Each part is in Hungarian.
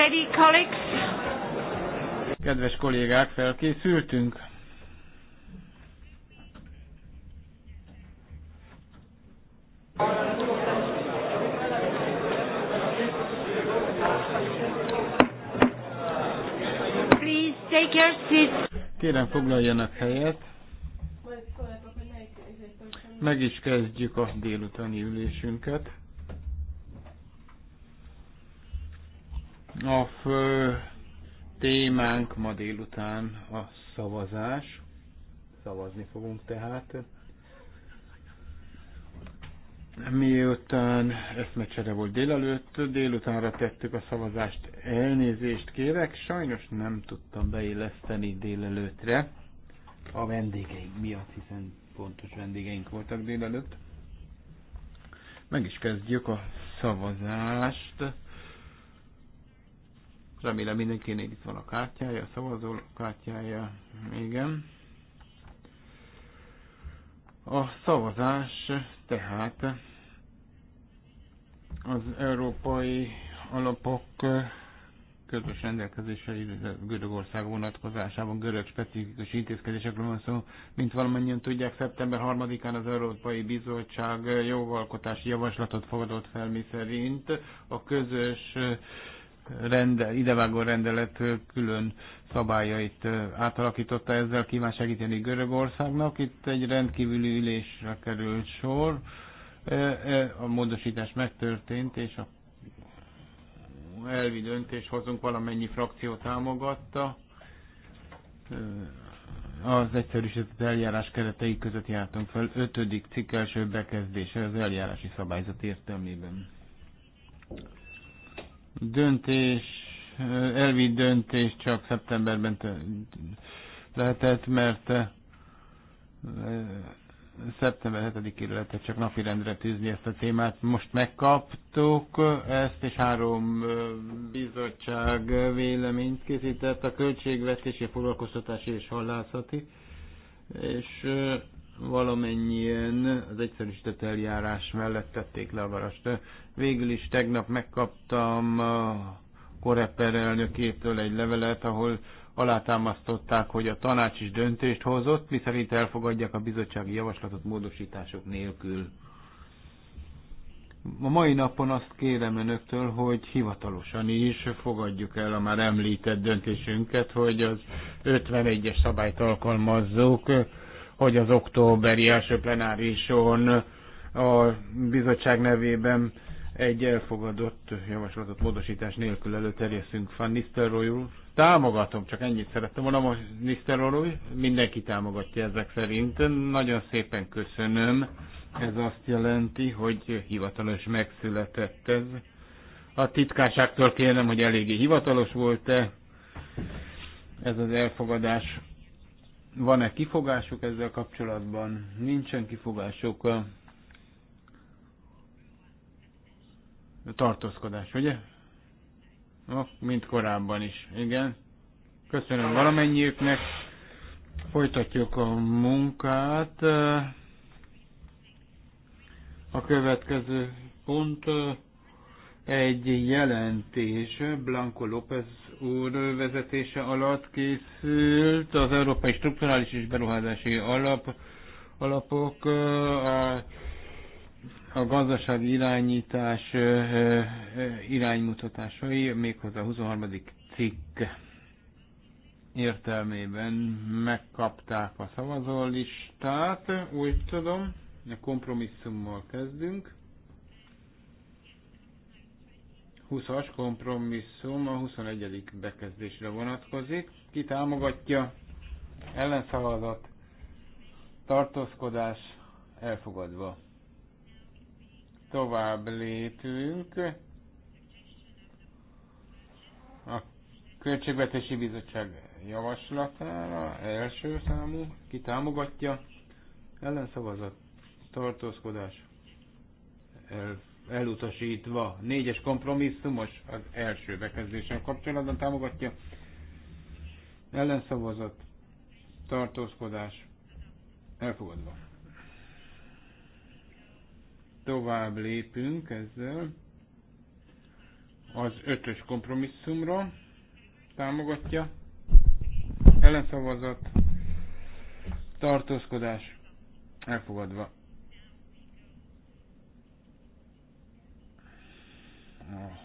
ready, colleagues? Kedves kollégák, felkészültünk. Please take your seats. Kérem foglaljanak helyet. Meg is kezdjük a délutáni ülésünket. A fő témánk ma délután a szavazás. Szavazni fogunk tehát. Miután eszmecsere volt délelőtt, délutánra tettük a szavazást, elnézést kérek, sajnos nem tudtam beilleszteni délelőtre a vendégeink miatt, hiszen fontos vendégeink voltak délelőtt. Meg is kezdjük a szavazást Remélem mindenkinek itt van a kártyája, a szavazó kártyája. Igen. A szavazás tehát az európai alapok közös rendelkezései Görögország vonatkozásában görög specifikus intézkedésekről van szó. Mint valamennyien tudják, szeptember 3-án az Európai Bizottság jogalkotási javaslatot fogadott fel, mi szerint a közös rendel, idevágó rendelet külön szabályait átalakította, ezzel kíván segíteni Görögországnak. Itt egy rendkívüli ülésre került sor, a módosítás megtörtént, és a elvi döntés hozunk, valamennyi frakció támogatta. Az egyszerűsített eljárás keretei között jártunk fel, ötödik cikk első bekezdése az eljárási szabályzat értelmében döntés, elvi döntés csak szeptemberben lehetett, mert szeptember 7-ére lehetett csak rendre tűzni ezt a témát. Most megkaptuk ezt, és három bizottság véleményt készített, a költségvetési, foglalkoztatási és hallászati. és valamennyien az egyszerűsített eljárás mellett tették le a varast. Végül is tegnap megkaptam a Koreper elnökétől egy levelet, ahol alátámasztották, hogy a tanács is döntést hozott, miszerint elfogadják a bizottsági javaslatot módosítások nélkül. A mai napon azt kérem önöktől, hogy hivatalosan is fogadjuk el a már említett döntésünket, hogy az 51-es szabályt alkalmazzuk hogy az októberi első plenárison a bizottság nevében egy elfogadott javaslatot módosítás nélkül előterjesztünk Van Nisztelrooy úr. Támogatom, csak ennyit szerettem volna most Nisztelrooy, mindenki támogatja ezek szerint. Nagyon szépen köszönöm. Ez azt jelenti, hogy hivatalos megszületett ez. A titkárságtól kérem, hogy eléggé hivatalos volt-e ez az elfogadás. Van-e kifogások ezzel kapcsolatban? Nincsen kifogások. Tartózkodás, ugye? Mint korábban is, igen. Köszönöm valamennyiüknek. Folytatjuk a munkát. A következő pont egy jelentés Blanco López úr vezetése alatt készült az Európai Strukturális és Beruházási Alap, Alapok a, a gazdasági irányítás iránymutatásai, méghozzá a 23. cikk értelmében megkapták a szavazólistát, úgy tudom, a kompromisszummal kezdünk 20-as kompromisszum a 21. bekezdésre vonatkozik. Ki támogatja? Ellenszavazat. Tartózkodás elfogadva. Tovább lépünk. A Költségvetési Bizottság javaslatára első számú. Ki támogatja? Ellenszavazat. Tartózkodás elfogadva elutasítva. Négyes kompromisszumos az első bekezdéssel kapcsolatban támogatja. Ellenszavazat, tartózkodás, elfogadva. Tovább lépünk ezzel az ötös kompromisszumra. Támogatja. Ellenszavazat, tartózkodás, elfogadva.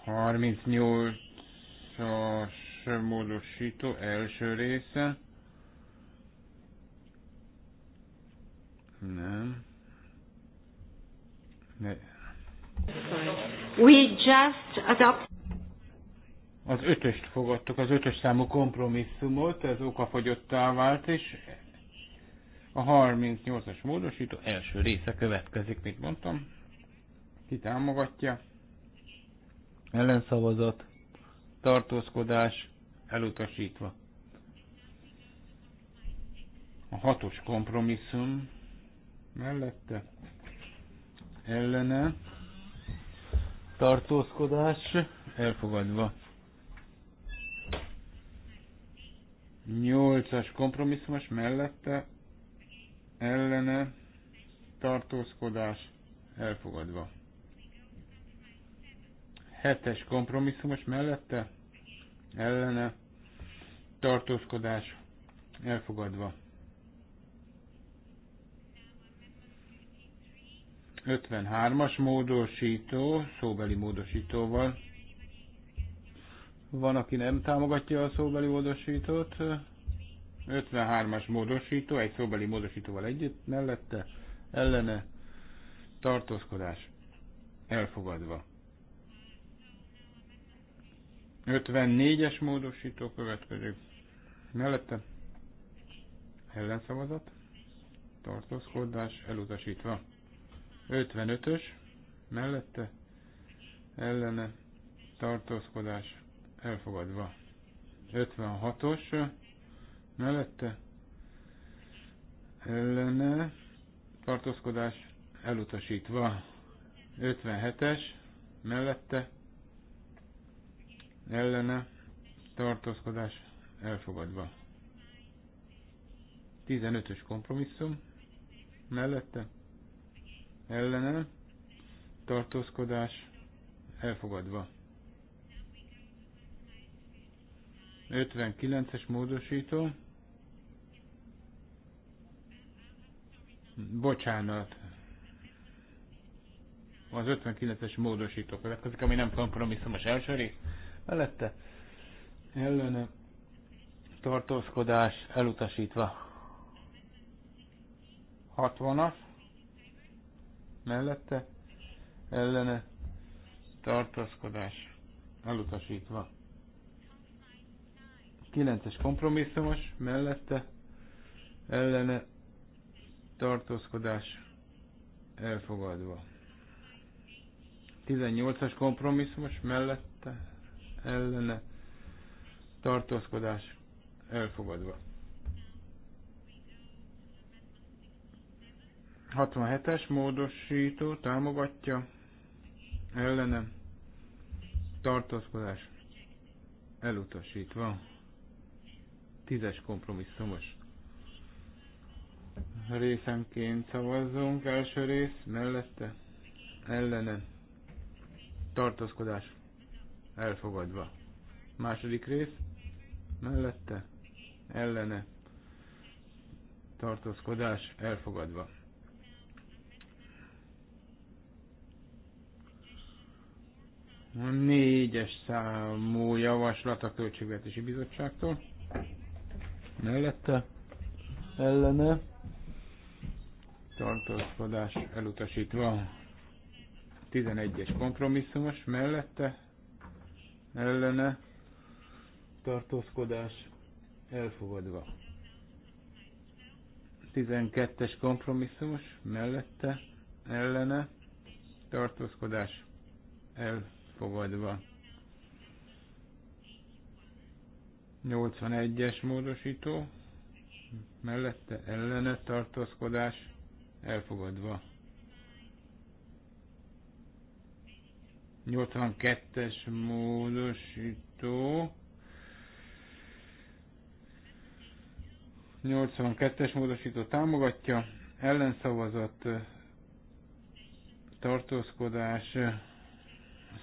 38-as módosító első része. Nem. De. We just adopt. Az ötöst fogadtuk, az ötös számú kompromisszumot, ez okafogyottá vált, és a 38-as módosító első része következik, mint mondtam. Ki támogatja? ellenszavazat, tartózkodás elutasítva. A hatos kompromisszum mellette ellene tartózkodás elfogadva. Nyolcas kompromisszumos mellette ellene tartózkodás elfogadva. Hetes kompromisszumos mellette ellene tartózkodás elfogadva. 53-as módosító, szóbeli módosítóval. Van, aki nem támogatja a szóbeli módosítót. 53-as módosító, egy szóbeli módosítóval együtt, mellette, ellene, tartózkodás, elfogadva. 54-es módosító következő Mellette ellenszavazat, tartózkodás elutasítva. 55-ös, mellette ellene tartózkodás elfogadva. 56-os, mellette ellene tartózkodás elutasítva. 57-es, mellette ellene tartózkodás elfogadva. 15-ös kompromisszum mellette ellene tartózkodás elfogadva. 59-es módosító. Bocsánat. Az 59-es módosító következik, ami nem kompromisszumos első rész mellette ellene tartózkodás elutasítva. 60-as mellette ellene tartózkodás elutasítva. 9-es kompromisszumos mellette ellene tartózkodás elfogadva. 18-as kompromisszumos mellett ellene tartózkodás elfogadva. 67-es módosító támogatja ellene tartózkodás elutasítva. Tízes kompromisszumos részenként szavazzunk. Első rész mellette ellene tartózkodás elfogadva. Második rész, mellette, ellene, tartózkodás, elfogadva. A négyes számú javaslat a Költségvetési Bizottságtól. Mellette, ellene, tartózkodás elutasítva. 11-es kompromisszumos mellette ellene tartózkodás elfogadva. 12-es kompromisszumos mellette ellene tartózkodás elfogadva. 81-es módosító mellette ellene tartózkodás elfogadva. 82-es módosító. 82-es módosító támogatja, ellenszavazat, tartózkodás,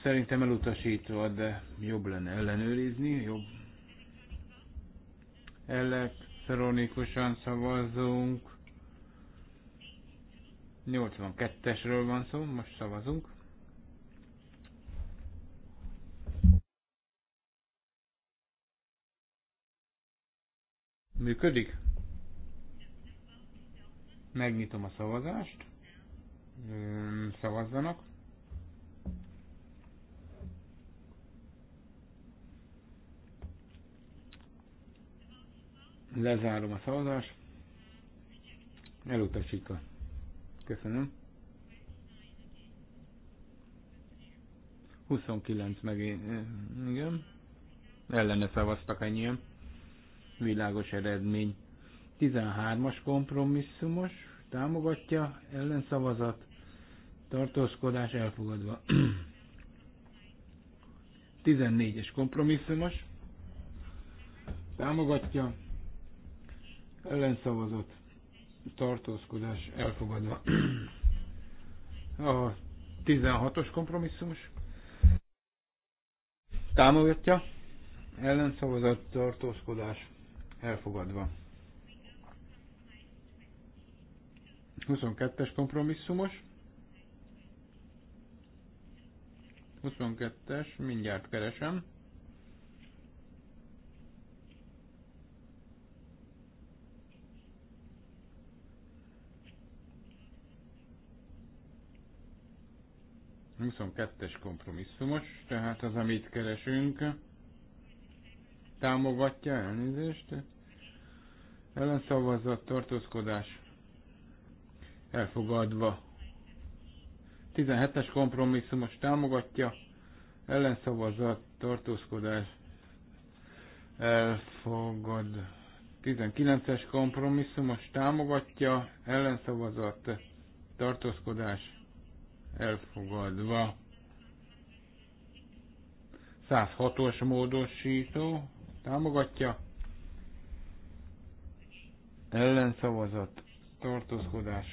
szerintem elutasítva, de jobb lenne ellenőrizni, jobb. Elektronikusan szavazunk. 82-esről van szó, most szavazunk. Működik? Megnyitom a szavazást. Szavazzanak. Lezárom a szavazást. Elutasítok. Köszönöm. 29 megint, igen. Ellene szavaztak ennyien világos eredmény. 13-as kompromisszumos, támogatja, ellenszavazat, tartózkodás elfogadva. 14-es kompromisszumos, támogatja, ellenszavazat, tartózkodás elfogadva. A 16-os kompromisszumos támogatja, ellenszavazat, tartózkodás elfogadva. 22-es kompromisszumos. 22-es, mindjárt keresem. Huszonkettes kompromisszumos, tehát az, amit keresünk támogatja, elnézést, ellenszavazat, tartózkodás, elfogadva. 17-es kompromisszumos támogatja, ellenszavazat, tartózkodás, elfogad. 19-es kompromisszumos támogatja, ellenszavazat, tartózkodás, elfogadva. 106-os módosító támogatja, ellenszavazat, tartózkodás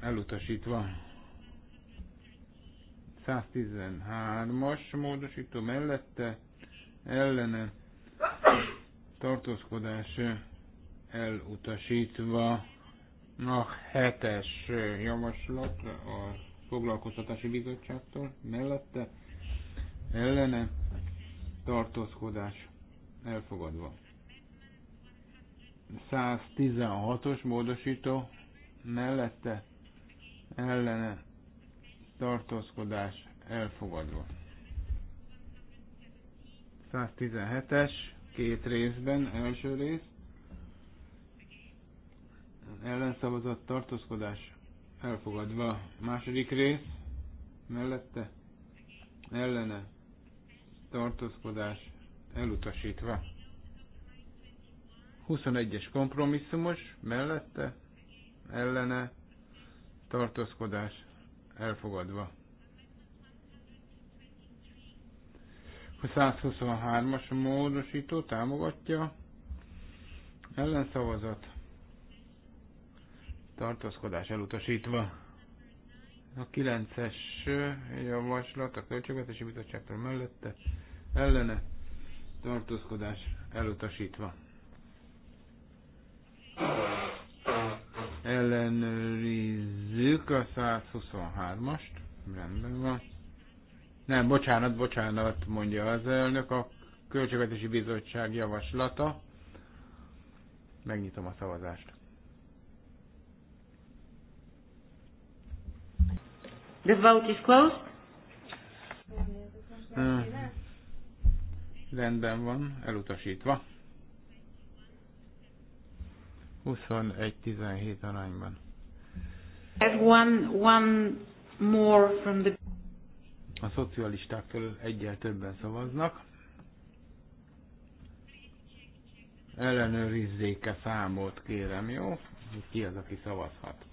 elutasítva. 113-as módosító mellette ellene tartózkodás elutasítva a hetes javaslat a foglalkoztatási bizottságtól mellette ellene tartózkodás elfogadva. 116-os módosító mellette ellene tartózkodás elfogadva. 117-es két részben, első rész ellenszavazat tartózkodás elfogadva. Második rész mellette ellene tartózkodás elutasítva. 21-es kompromisszumos, mellette, ellene, tartózkodás elfogadva. 123-as módosító támogatja, ellenszavazat, tartózkodás elutasítva. A 9-es javaslat a Költségvetési Bizottságtól mellette, ellene, tartózkodás elutasítva. Ellenőrizzük a 123-ast. Rendben van. Nem, bocsánat, bocsánat, mondja az elnök. A Költségvetési Bizottság javaslata. Megnyitom a szavazást. The vote is closed. Rendben van, elutasítva. 21-17 arányban. Ez one, one more from the... A felől egyel többen szavaznak. Ellenőrizzék a számot, kérem, jó? Ki az, aki szavazhat?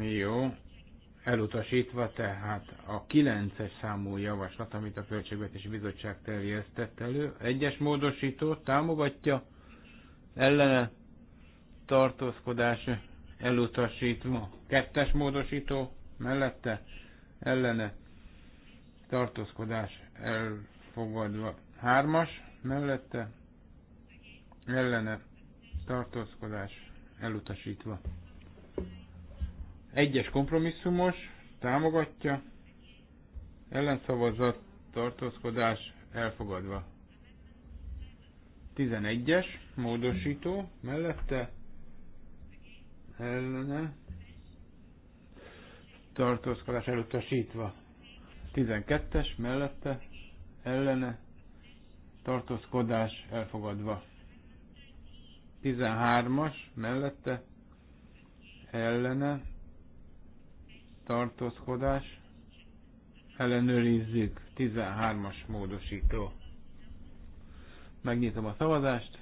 Jó, elutasítva, tehát a 9-es számú javaslat, amit a Költségvetési Bizottság terjesztett elő, egyes módosító támogatja ellene tartózkodás elutasítva, kettes módosító mellette ellene tartózkodás elfogadva, hármas mellette ellene tartózkodás elutasítva. Egyes kompromisszumos, támogatja, ellenszavazat, tartózkodás, elfogadva. 11-es módosító mellette ellene tartózkodás elutasítva. 12-es mellette ellene tartózkodás elfogadva. 13-as mellette ellene tartózkodás, ellenőrizzük 13-as módosító. Megnyitom a szavazást,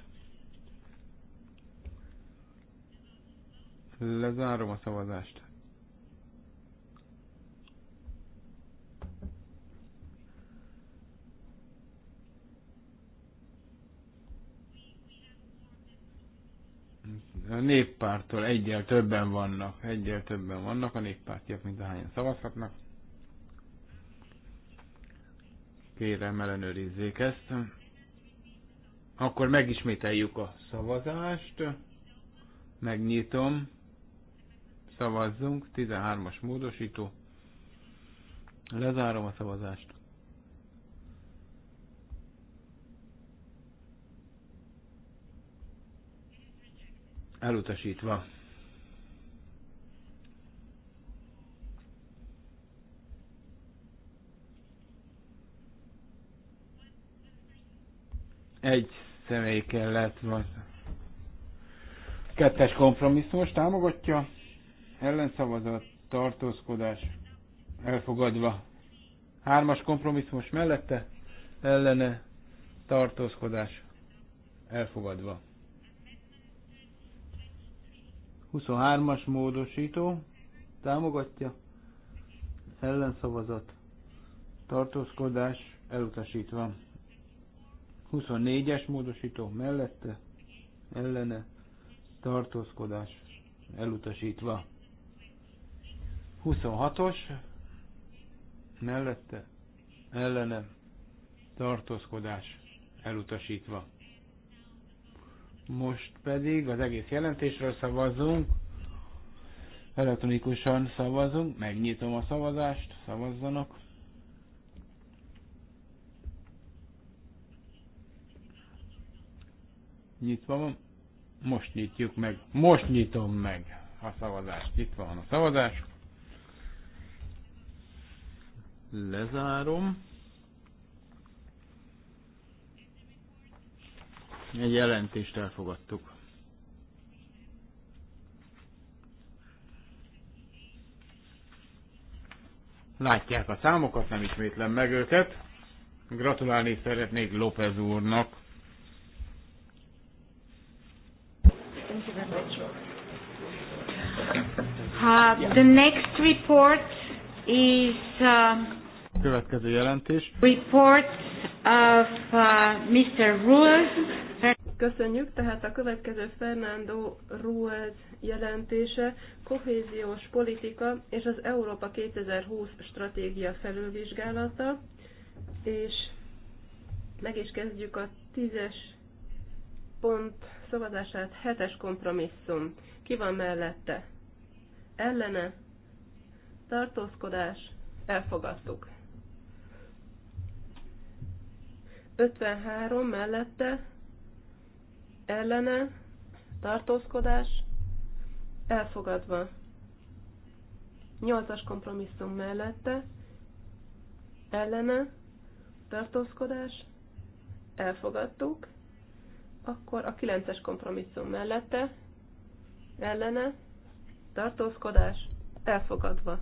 lezárom a szavazást. a néppártól egyel többen vannak, egyel többen vannak a néppártiak, mint ahányan szavazhatnak. Kérem, ellenőrizzék ezt. Akkor megismételjük a szavazást. Megnyitom. Szavazzunk. 13-as módosító. Lezárom a szavazást. elutasítva. Egy személy kellett van. Kettes kompromisszumos támogatja, ellenszavazat, tartózkodás, elfogadva. Hármas kompromisszumos mellette, ellene, tartózkodás, elfogadva. 23-as módosító támogatja, ellenszavazat, tartózkodás elutasítva. 24-es módosító mellette, ellene, tartózkodás elutasítva. 26-os mellette, ellene, tartózkodás elutasítva. Most pedig az egész jelentésről szavazunk. Elektronikusan szavazunk. Megnyitom a szavazást. Szavazzanak. Nyitva van. Most nyitjuk meg. Most nyitom meg a szavazást. Nyitva van a szavazás. Lezárom. Egy jelentést elfogadtuk. Látják a számokat, nem ismétlem meg őket. Gratulálni szeretnék López úrnak. Uh, the next report is uh, következő jelentés. Reports of uh, Mr. Ruiz. Köszönjük, tehát a következő Fernando Ruiz jelentése kohéziós politika és az Európa 2020 stratégia felülvizsgálata, és meg is kezdjük a tízes pont szavazását, hetes kompromisszum. Ki van mellette? Ellene? Tartózkodás? Elfogadtuk. 53 mellette ellene tartózkodás elfogadva. 8-as kompromisszum mellette ellene tartózkodás elfogadtuk. Akkor a 9-es kompromisszum mellette ellene tartózkodás elfogadva.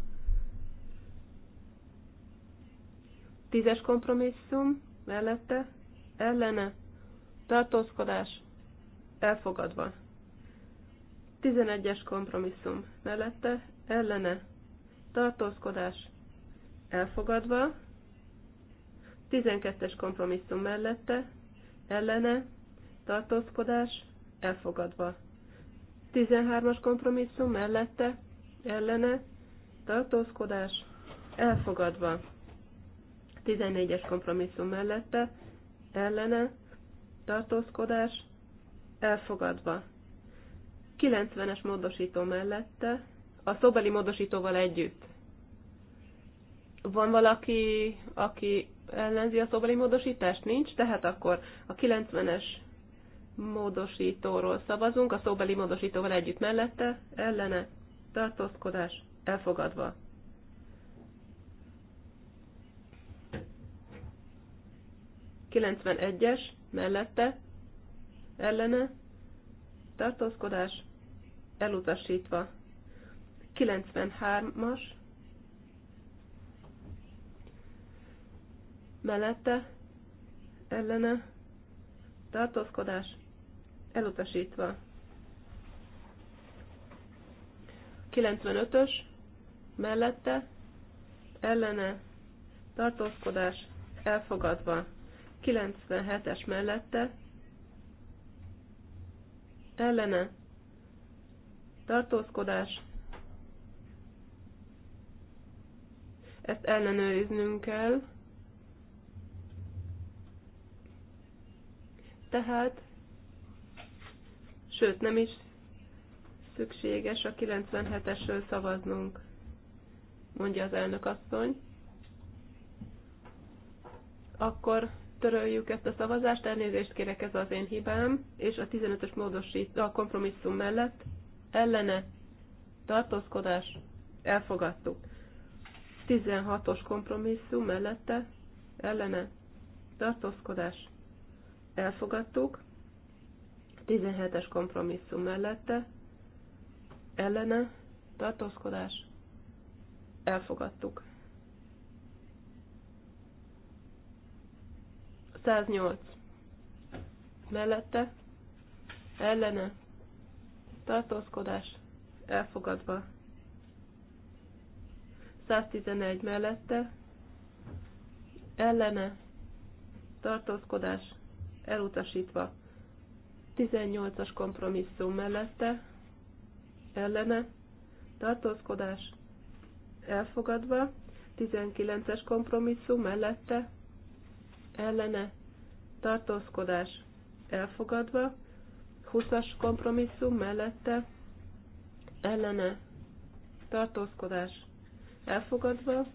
10-es kompromisszum mellette, ellene, tartózkodás, elfogadva. 11-es kompromisszum mellette, ellene, tartózkodás, elfogadva. 12-es kompromisszum mellette, ellene, tartózkodás, elfogadva. 13-as kompromisszum mellette, ellene, tartózkodás, elfogadva. 14-es kompromisszum mellette, ellene, tartózkodás, elfogadva. 90-es módosító mellette, a szóbeli módosítóval együtt. Van valaki, aki ellenzi a szóbeli módosítást? Nincs, tehát akkor a 90-es módosítóról szavazunk, a szóbeli módosítóval együtt mellette, ellene, tartózkodás, elfogadva. 91-es mellette ellene tartózkodás elutasítva. 93-as mellette ellene tartózkodás elutasítva. 95-ös mellette ellene tartózkodás elfogadva. 97-es mellette ellene tartózkodás. Ezt ellenőriznünk kell. Tehát, sőt nem is szükséges a 97-esről szavaznunk, mondja az elnök asszony. Akkor töröljük ezt a szavazást, elnézést kérek, ez az én hibám, és a 15-ös módosít, a kompromisszum mellett ellene tartózkodás elfogadtuk. 16-os kompromisszum mellette ellene tartózkodás elfogadtuk. 17-es kompromisszum mellette ellene tartózkodás elfogadtuk. 108. Mellette, ellene, tartózkodás, elfogadva. 111 mellette, ellene, tartózkodás, elutasítva. 18-as kompromisszum mellette, ellene, tartózkodás, elfogadva. 19-es kompromisszum mellette, ellene tartózkodás elfogadva, 20-as kompromisszum mellette ellene tartózkodás elfogadva,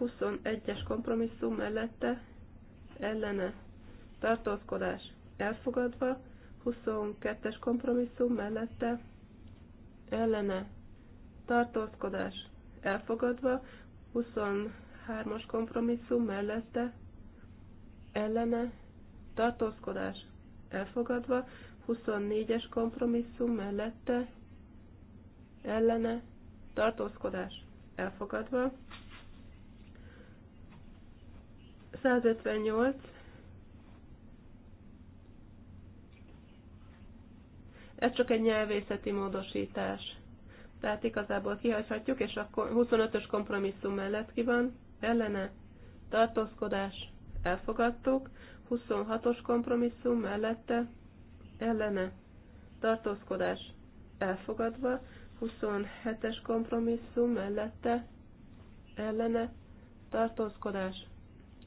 21-es kompromisszum mellette ellene tartózkodás elfogadva, 22-es kompromisszum mellette ellene tartózkodás elfogadva, 23-as kompromisszum mellette ellene tartózkodás elfogadva, 24-es kompromisszum mellette ellene tartózkodás elfogadva, 158 ez csak egy nyelvészeti módosítás. Tehát igazából kihagyhatjuk, és akkor 25-ös kompromisszum mellett ki van, ellene, tartózkodás, elfogadtuk, 26-os kompromisszum mellette ellene tartózkodás elfogadva, 27-es kompromisszum mellette ellene tartózkodás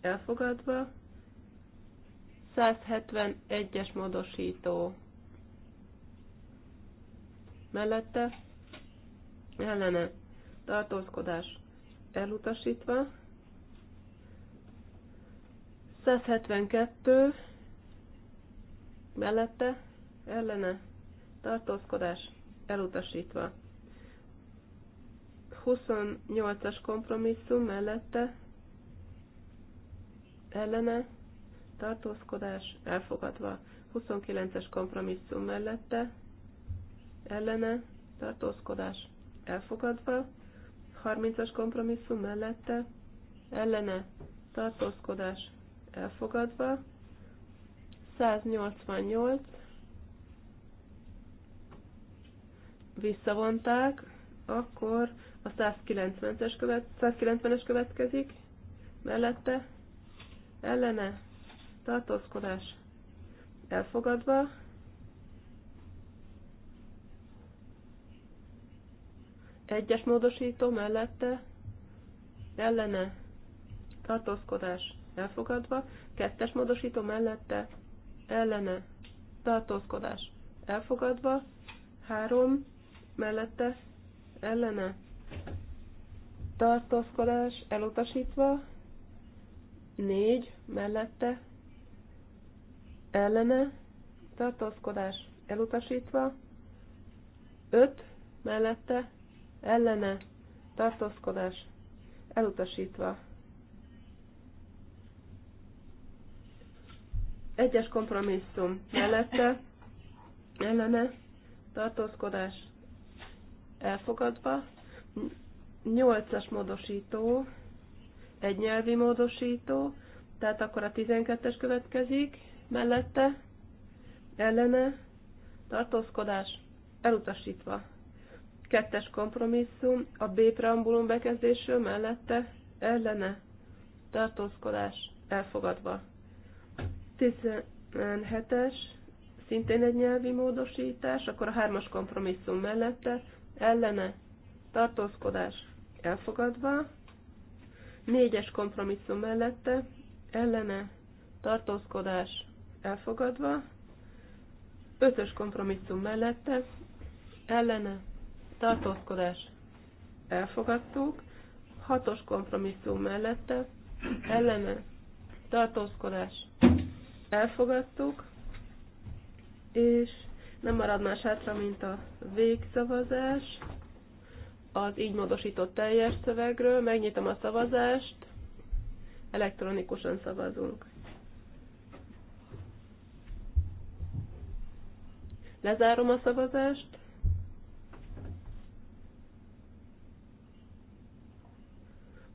elfogadva, 171-es módosító mellette ellene tartózkodás elutasítva, 172 mellette ellene tartózkodás elutasítva. 28-as kompromisszum mellette ellene tartózkodás elfogadva. 29-es kompromisszum mellette ellene tartózkodás elfogadva. 30-as kompromisszum mellette ellene tartózkodás elfogadva. 188 visszavonták, akkor a 190-es követ, 190 következik, mellette ellene tartózkodás elfogadva, egyes módosító mellette ellene tartózkodás elfogadva, kettes módosító mellette ellene tartózkodás elfogadva, három mellette ellene tartózkodás elutasítva, négy mellette ellene tartózkodás elutasítva, öt mellette ellene tartózkodás elutasítva. Egyes kompromisszum mellette, ellene, tartózkodás elfogadva. Nyolcas módosító, egy nyelvi módosító, tehát akkor a 12-es következik, mellette, ellene, tartózkodás elutasítva. Kettes kompromisszum, a B preambulum bekezdésről mellette, ellene, tartózkodás elfogadva. 17-es, szintén egy nyelvi módosítás, akkor a hármas kompromisszum mellette ellene tartózkodás elfogadva, négyes kompromisszum mellette ellene tartózkodás elfogadva, ötös kompromisszum mellette ellene tartózkodás elfogadtuk, hatos kompromisszum mellette ellene tartózkodás elfogadtuk, és nem marad más hátra, mint a végszavazás az így módosított teljes szövegről. Megnyitom a szavazást, elektronikusan szavazunk. Lezárom a szavazást.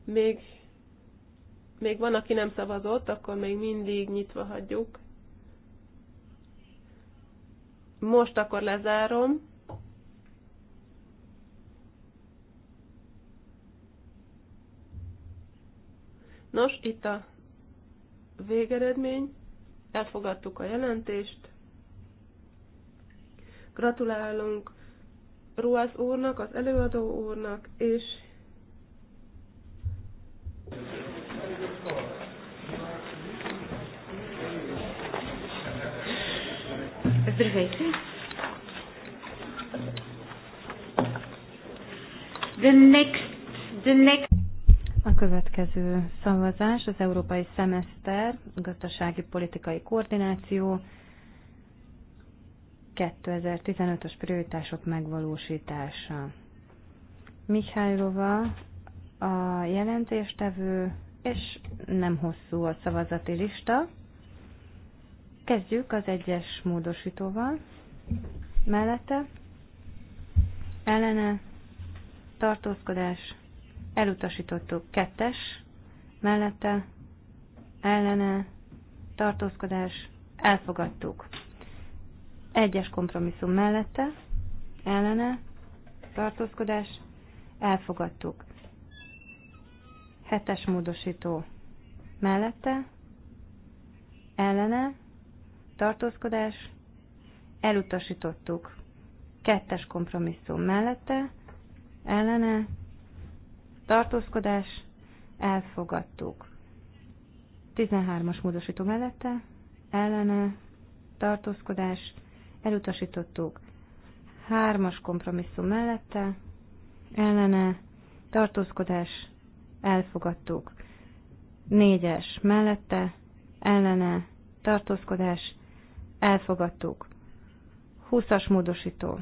Még még van, aki nem szavazott, akkor még mindig nyitva hagyjuk. Most akkor lezárom. Nos, itt a végeredmény. Elfogadtuk a jelentést. Gratulálunk Ruász úrnak, az előadó úrnak, és Здравейте. The next, the next. A következő szavazás az Európai Szemeszter, gazdasági politikai koordináció, 2015-ös prioritások megvalósítása. Rova, a jelentéstevő és nem hosszú a szavazati lista. Kezdjük az egyes módosítóval. Mellette ellene tartózkodás elutasítottuk kettes, mellette ellene tartózkodás elfogadtuk. Egyes kompromisszum mellette ellene tartózkodás elfogadtuk. Hetes módosító mellette, ellene, tartózkodás, elutasítottuk. Kettes kompromisszum mellette, ellene, tartózkodás, elfogadtuk. 13-as módosító mellette, ellene, tartózkodás, elutasítottuk. Hármas kompromisszum mellette, ellene, tartózkodás, elfogadtuk. Négyes mellette, ellene, tartózkodás, elfogadtuk. Húszas módosító.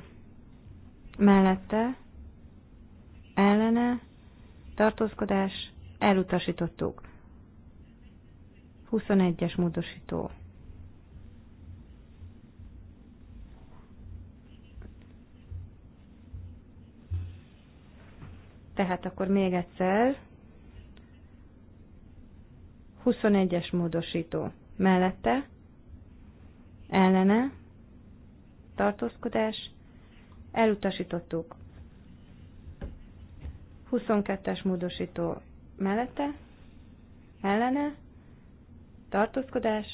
Mellette, ellene, tartózkodás, elutasítottuk. 21-es módosító. Tehát akkor még egyszer 21-es módosító mellette, ellene, tartózkodás, elutasítottuk. 22-es módosító mellette, ellene, tartózkodás,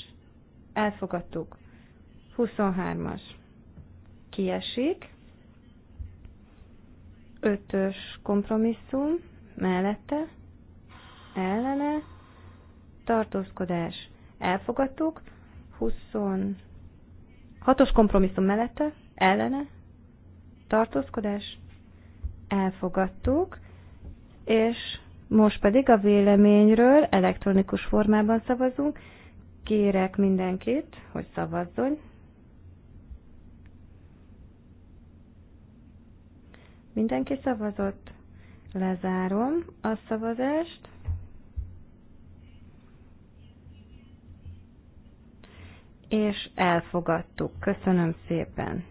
elfogadtuk. 23-as kiesik, 5-ös kompromisszum mellette, ellene, tartózkodás elfogadtuk, 26-os kompromisszum mellette, ellene, tartózkodás elfogadtuk, és most pedig a véleményről elektronikus formában szavazunk. Kérek mindenkit, hogy szavazzon. Mindenki szavazott. Lezárom a szavazást. és elfogadtuk. Köszönöm szépen!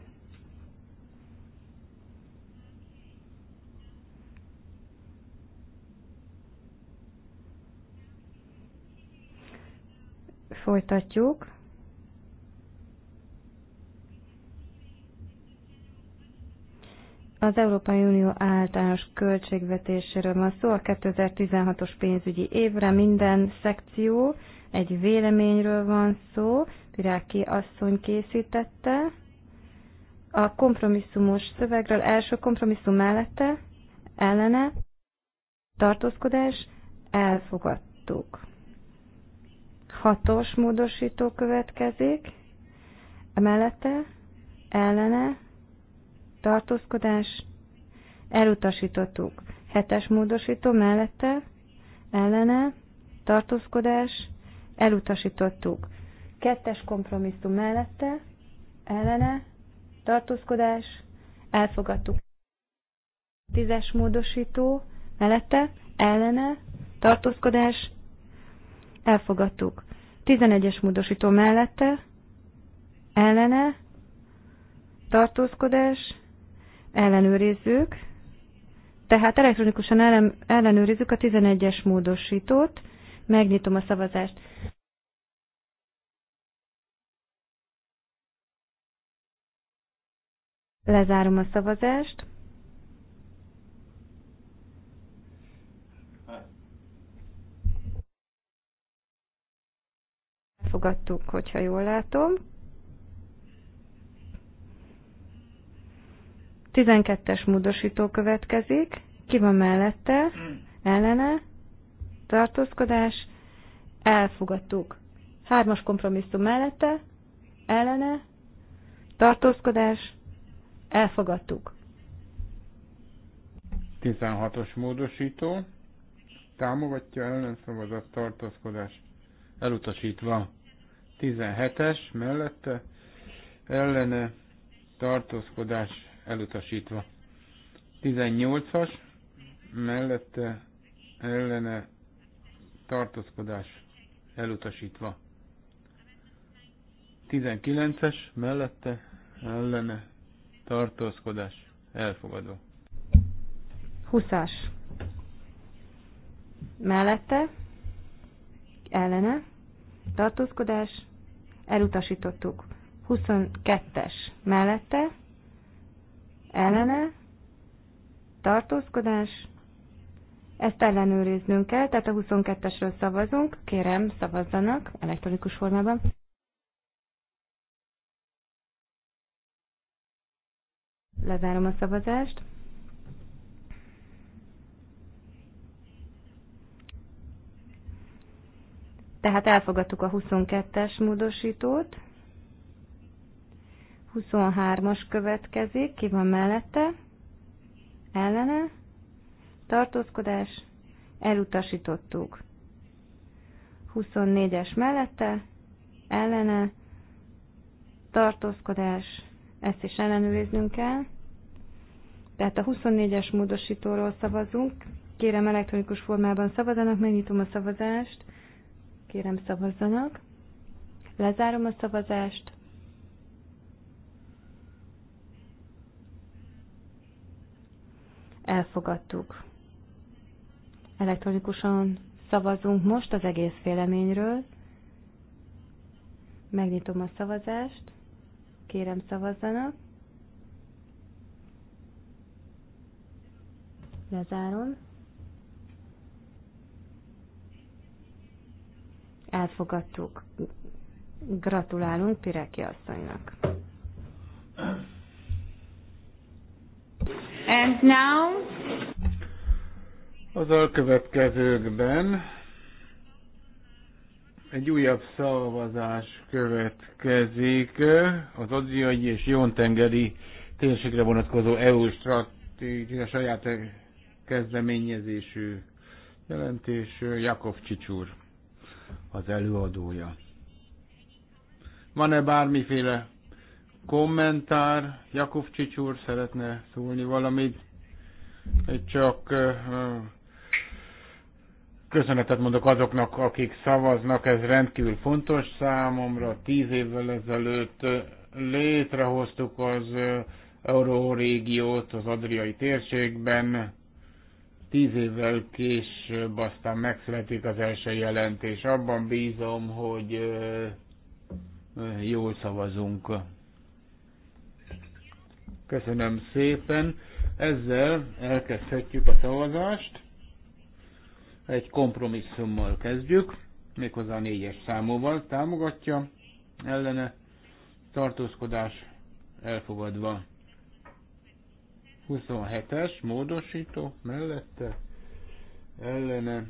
Folytatjuk. Az Európai Unió általános költségvetéséről van szó, a 2016-os pénzügyi évre minden szekció egy véleményről van szó, Piráki asszony készítette. A kompromisszumos szövegről első kompromisszum mellette, ellene, tartózkodás, elfogadtuk. Hatos módosító következik, mellette, ellene, tartózkodás, elutasítottuk. Hetes módosító mellette, ellene, tartózkodás, elutasítottuk. Kettes kompromisszum mellette, ellene, tartózkodás, elfogadtuk. Tízes módosító mellette, ellene, tartózkodás, elfogadtuk. Tizenegyes módosító mellette, ellene, tartózkodás, ellenőrizzük. Tehát elektronikusan ellenőrizzük a 11-es módosítót. Megnyitom a szavazást. Lezárom a szavazást. Fogadtuk, hogyha jól látom. 12-es módosító következik. Ki van mellette? Ellene? Tartózkodás? Elfogadtuk. Hármas kompromisszum mellette? Ellene? Tartózkodás? Elfogadtuk. 16-os módosító támogatja ellenszavazat tartózkodás elutasítva. 17-es mellette ellene tartózkodás elutasítva. 18-as mellette ellene tartózkodás elutasítva. 19-es mellette ellene tartózkodás elfogadó. 20-as mellette ellene tartózkodás elutasítottuk. 22-es mellette ellene, tartózkodás, ezt ellenőriznünk kell, tehát a 22-esről szavazunk, kérem szavazzanak elektronikus formában. Lezárom a szavazást. Tehát elfogadtuk a 22-es módosítót. 23-as következik, ki van mellette, ellene, tartózkodás, elutasítottuk. 24-es mellette, ellene, tartózkodás, ezt is ellenőriznünk kell. Tehát a 24-es módosítóról szavazunk. Kérem elektronikus formában szavazanak, megnyitom a szavazást. Kérem szavazzanak. Lezárom a szavazást. elfogadtuk. Elektronikusan szavazunk most az egész véleményről. Megnyitom a szavazást. Kérem szavazzanak. Lezárom. Elfogadtuk. Gratulálunk Pireki asszonynak. And now... Az elkövetkezőkben egy újabb szavazás következik az Adriai és Jontengeri térségre vonatkozó EU stratégia saját kezdeményezésű jelentés. Jakov Csicsúr az előadója. Van-e bármiféle kommentár. Csics úr szeretne szólni valamit. Csak köszönetet mondok azoknak, akik szavaznak, ez rendkívül fontos számomra. Tíz évvel ezelőtt létrehoztuk az Eurórégiót az Adriai térségben, tíz évvel később aztán megszületik az első jelentés. Abban bízom, hogy jól szavazunk Köszönöm szépen. Ezzel elkezdhetjük a szavazást. Egy kompromisszummal kezdjük, méghozzá a négyes számúval támogatja, ellene tartózkodás elfogadva. 27-es módosító mellette ellene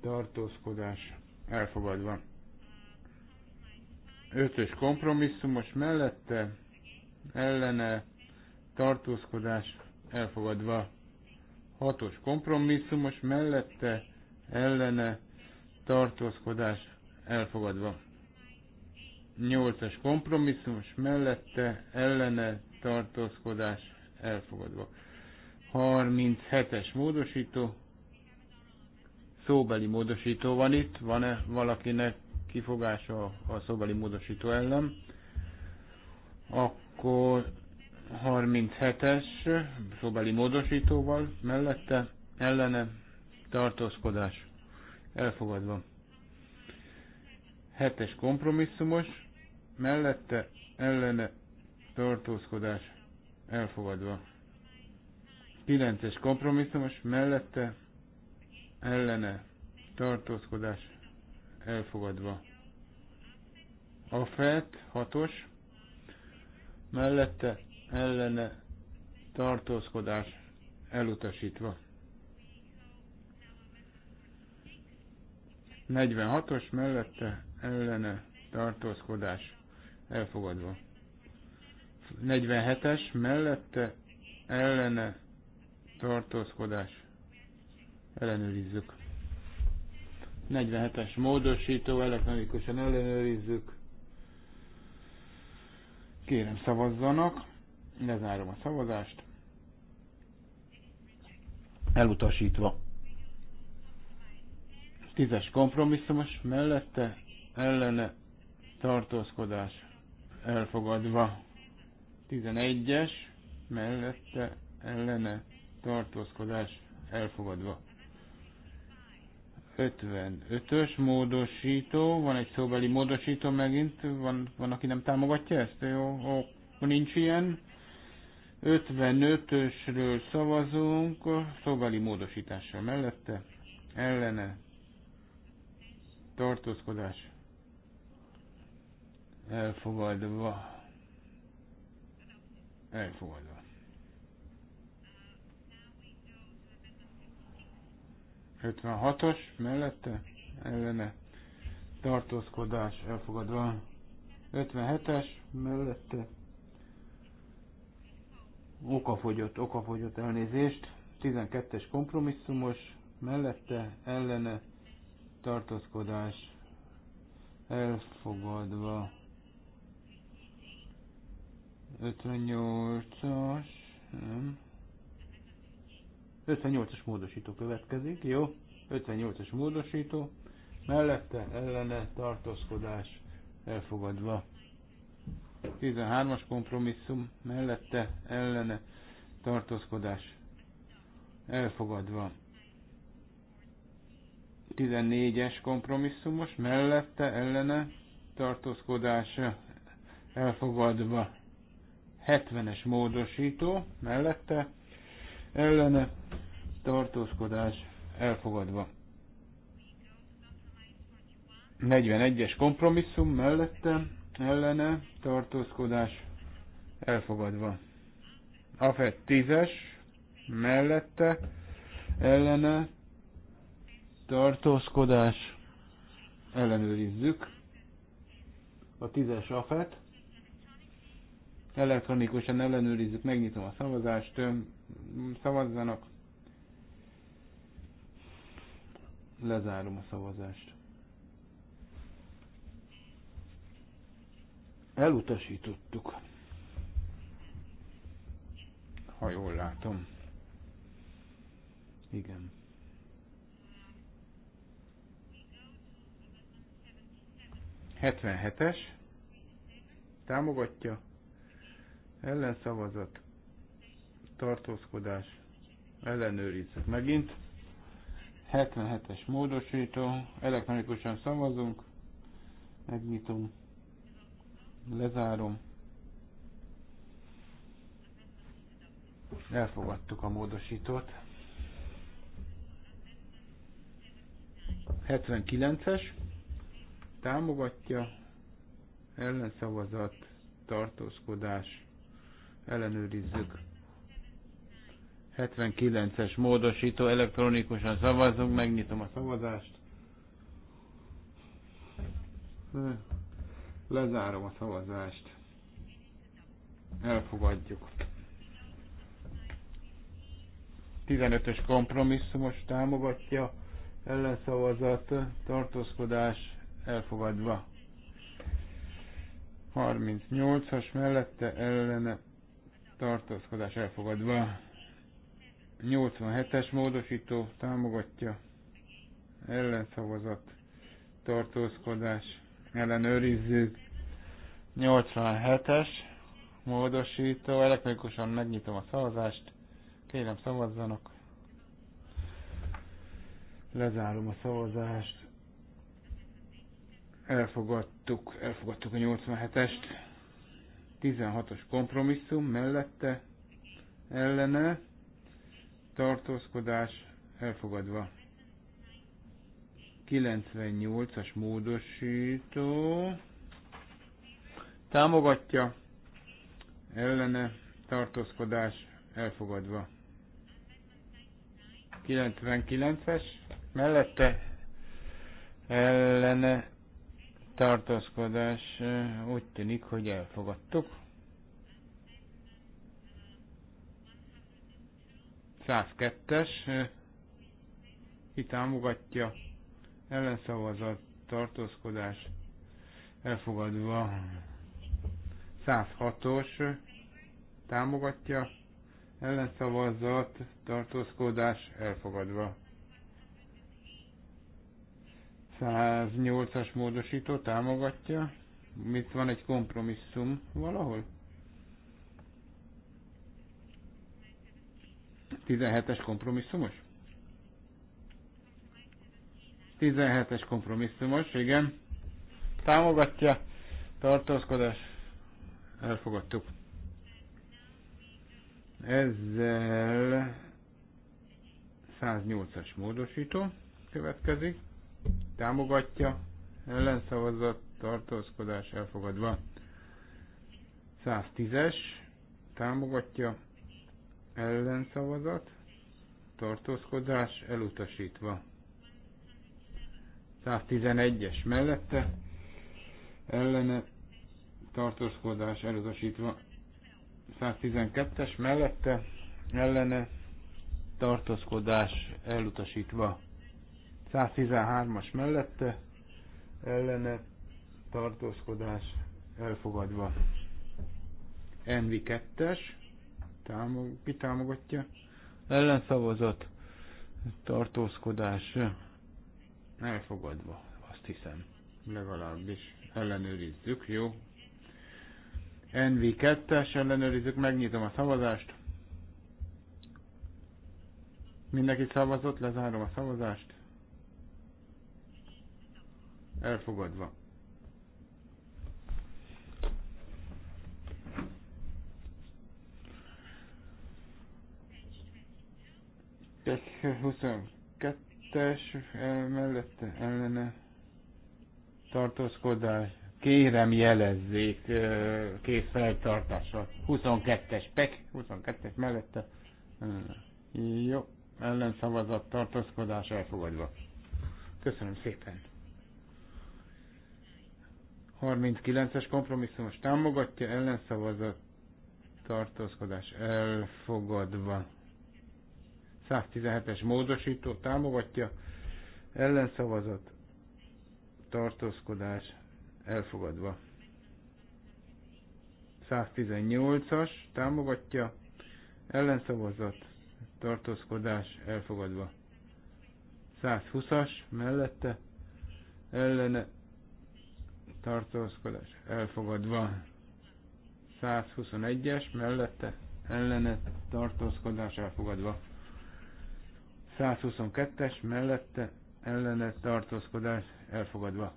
tartózkodás elfogadva. 5-ös kompromisszumos mellette ellene tartózkodás elfogadva. Hatos kompromisszumos mellette ellene tartózkodás elfogadva. Nyolcas kompromisszumos mellette ellene tartózkodás elfogadva. 37-es módosító. Szóbeli módosító van itt. Van-e valakinek kifogása a szóbeli módosító ellen? Akkor 37-es szóbeli módosítóval mellette ellene tartózkodás elfogadva. 7-es kompromisszumos mellette ellene tartózkodás elfogadva. 9-es kompromisszumos mellette ellene tartózkodás elfogadva. A FET 6-os mellette ellene tartózkodás elutasítva. 46-os mellette ellene tartózkodás elfogadva. 47-es mellette ellene tartózkodás ellenőrizzük. 47-es módosító elektronikusan ellenőrizzük. Kérem szavazzanak. Lezárom a szavazást. Elutasítva. Tízes kompromisszumos mellette ellene tartózkodás elfogadva. 11-es mellette ellene tartózkodás elfogadva. 55-ös módosító, van egy szóbeli módosító megint, van, van aki nem támogatja ezt, jó, ó, nincs ilyen, 55-ösről szavazunk, szobali módosítással mellette, ellene, tartózkodás, elfogadva, elfogadva. Ötven hatos mellette, ellene, tartózkodás elfogadva. 57-es mellette, okafogyott, okafogyott elnézést, 12-es kompromisszumos, mellette ellene tartózkodás elfogadva 58-as, nem, 58-as módosító következik, jó, 58-as módosító, mellette ellene tartózkodás elfogadva. 13-as kompromisszum mellette ellene tartózkodás elfogadva. 14-es kompromisszumos mellette ellene tartózkodás elfogadva. 70-es módosító mellette ellene tartózkodás elfogadva. 41-es kompromisszum mellette ellene tartózkodás elfogadva. Afet tízes mellette ellene tartózkodás ellenőrizzük. A tízes es afet elektronikusan ellenőrizzük, megnyitom a szavazást, szavazzanak, lezárom a szavazást. Elutasítottuk. Ha jól látom. Igen. Hetvenhetes. Támogatja. Ellenszavazat. Tartózkodás. Ellenőrizzük megint. 77-es módosító, elektronikusan szavazunk, megnyitom. Lezárom. Elfogadtuk a módosítót. 79-es. Támogatja. Ellenszavazat. Tartózkodás. Ellenőrizzük. 79-es módosító elektronikusan szavazunk, megnyitom a szavazást. Lezárom a szavazást. Elfogadjuk. 15-ös kompromisszumos támogatja, ellenszavazat, tartózkodás elfogadva. 38-as mellette ellene tartózkodás elfogadva. 87-es módosító támogatja ellenszavazat, tartózkodás ellenőrizzük. 87-es módosító, elektronikusan megnyitom a szavazást, kérem szavazzanak. Lezárom a szavazást. Elfogadtuk, elfogadtuk a 87-est. 16-os kompromisszum mellette, ellene, tartózkodás elfogadva. 98-as módosító támogatja ellene tartózkodás elfogadva. 99-es mellette ellene tartózkodás úgy tűnik, hogy elfogadtuk. 102-es kitámogatja támogatja ellenszavazat, tartózkodás elfogadva 106-os támogatja, ellenszavazat, tartózkodás elfogadva. 108-as módosító támogatja. Mit van egy kompromisszum valahol? 17-es kompromisszumos? 17-es kompromisszumos, igen. Támogatja, tartózkodás, elfogadtuk. Ezzel 108-as módosító következik. Támogatja, ellenszavazat, tartózkodás elfogadva. 110-es támogatja, ellenszavazat, tartózkodás elutasítva. 111-es mellette ellene tartózkodás elutasítva 112-es mellette ellene tartózkodás elutasítva 113-as mellette ellene tartózkodás elfogadva Envi 2-es támog, ki támogatja ellenszavazat tartózkodás Elfogadva, azt hiszem. Legalábbis ellenőrizzük, jó? NV2-es, ellenőrizzük, megnyitom a szavazást. Mindenki szavazott, lezárom a szavazást. Elfogadva. Köszönöm kettes e, mellette ellene tartózkodás. Kérem jelezzék e, kész feltartásra. 22-es pek, 22-es mellette. E, jó, ellenszavazat, tartózkodás elfogadva. Köszönöm szépen. 39-es kompromisszumos támogatja, ellenszavazat, tartózkodás elfogadva. 117-es módosító támogatja, ellenszavazat, tartózkodás elfogadva. 118-as támogatja, ellenszavazat, tartózkodás elfogadva. 120-as mellette, ellene, tartózkodás elfogadva. 121-es mellette, ellene, tartózkodás elfogadva. 122-es mellette ellene tartózkodás elfogadva.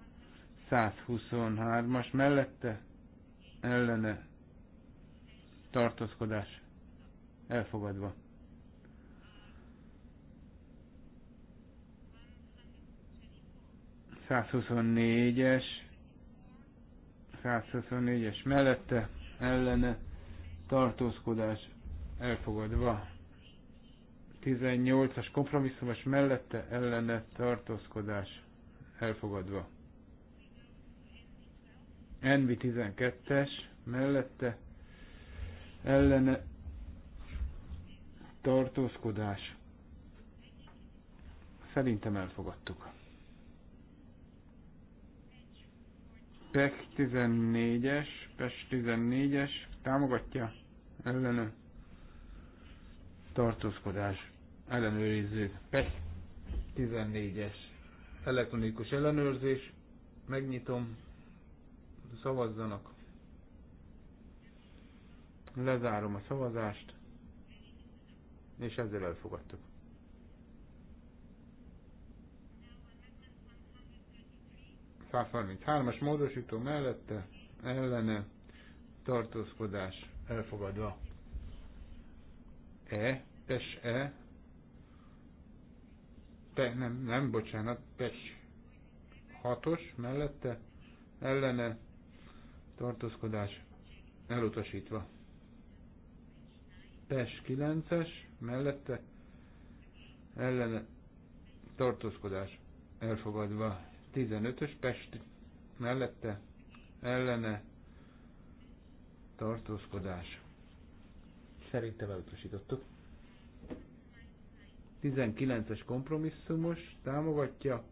123-as mellette ellene tartózkodás elfogadva. es 124-es mellette ellene tartózkodás elfogadva. 18-as kompromisszumos mellette ellene tartózkodás elfogadva. Envi 12-es mellette ellene tartózkodás. Szerintem elfogadtuk. PEC 14-es, PES 14-es támogatja ellene tartózkodás ellenőriző PET 14-es elektronikus ellenőrzés. Megnyitom. Szavazzanak. Lezárom a szavazást. És ezzel elfogadtuk. as módosító mellette ellene tartózkodás elfogadva. E, tes E, te, nem, nem, bocsánat, tes hatos mellette, ellene tartózkodás elutasítva. Tes 9-es mellette ellene tartózkodás elfogadva. 15-ös Pest mellette ellene tartózkodás Szerintem elutasítottuk. 19-es kompromisszumos támogatja.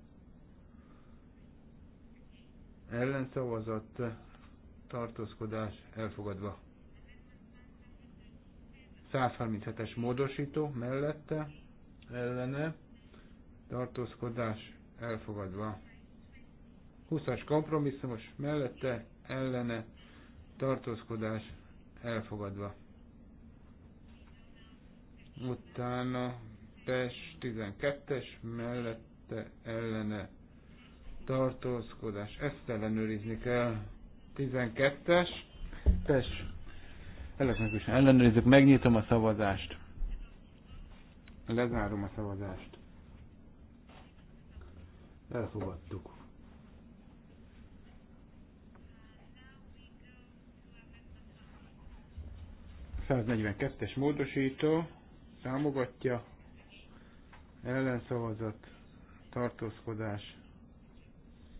Ellenszavazat tartózkodás elfogadva. 137-es módosító mellette ellene tartózkodás elfogadva. 20-as kompromisszumos mellette ellene tartózkodás elfogadva utána PES 12-es mellette ellene tartózkodás. Ezt ellenőrizni kell. 12-es PES. Elektronikusan ellenőrizzük, megnyitom a szavazást. Lezárom a szavazást. Elfogadtuk. Száznegyvenkettes módosító támogatja, ellenszavazat, tartózkodás,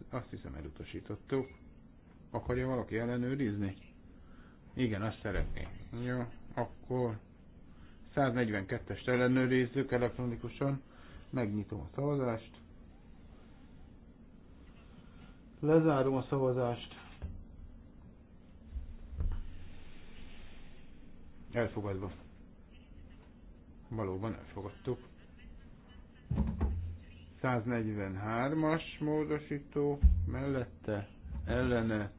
azt hiszem elutasítottuk. Akarja valaki ellenőrizni? Igen, azt szeretné. Jó, akkor 142-est ellenőrizzük elektronikusan. Megnyitom a szavazást. Lezárom a szavazást. Elfogadva. Valóban elfogadtuk. 143-as módosító mellette ellene.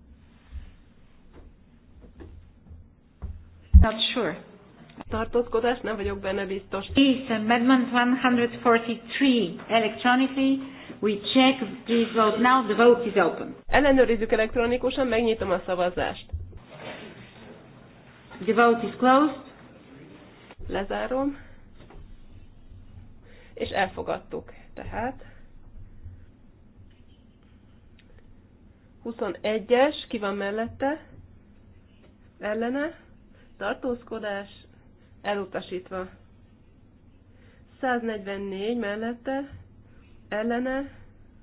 Not sure. Tartózkodás, nem vagyok benne biztos. Is amendment 143 electronically. We check this vote now. The vote is open. Ellenőrizzük elektronikusan, megnyitom a szavazást. The vote is closed. Lezárom és elfogadtuk. Tehát 21-es, ki van mellette? Ellene? Tartózkodás? Elutasítva. 144 mellette? Ellene?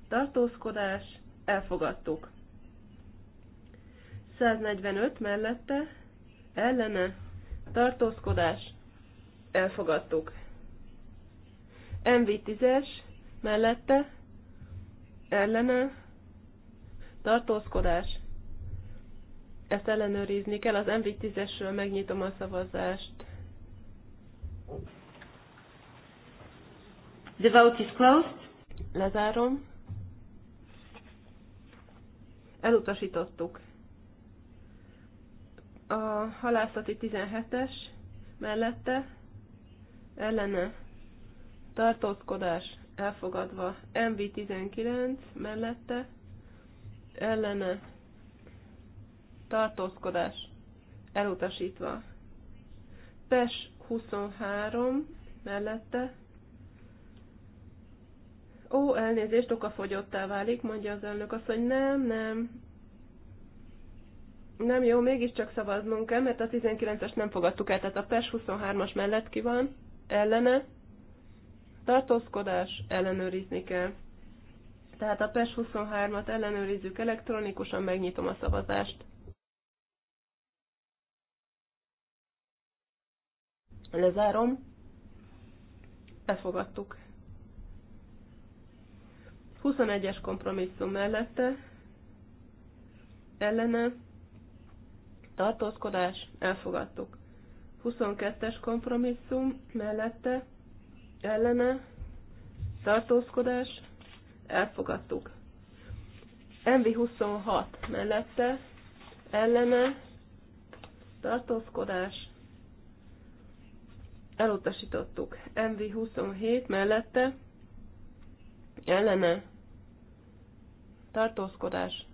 Tartózkodás? Elfogadtuk. 145 mellette? Ellene? Tartózkodás? Elfogadtuk. MV10-es mellette ellene tartózkodás. Ezt ellenőrizni kell. Az MV10-esről megnyitom a szavazást. The vote is closed. Lezárom. Elutasítottuk. A halászati 17-es mellette ellene tartózkodás elfogadva, MV19 mellette, ellene, tartózkodás elutasítva, PES 23 mellette, Ó, elnézést, okafogyottá válik, mondja az elnök azt, hogy nem, nem, nem jó, mégiscsak szavaznunk kell, mert a 19-es nem fogadtuk el, tehát a PES 23-as mellett ki van, ellene, tartózkodás, ellenőrizni kell. Tehát a PES 23-at ellenőrizzük elektronikusan, megnyitom a szavazást. Lezárom. Befogadtuk. 21-es kompromisszum mellette, ellene, tartózkodás, elfogadtuk. 22-es kompromisszum mellette, ellene, tartózkodás, elfogadtuk. MV26 mellette, ellene, tartózkodás, elutasítottuk. MV27 mellette, ellene, tartózkodás,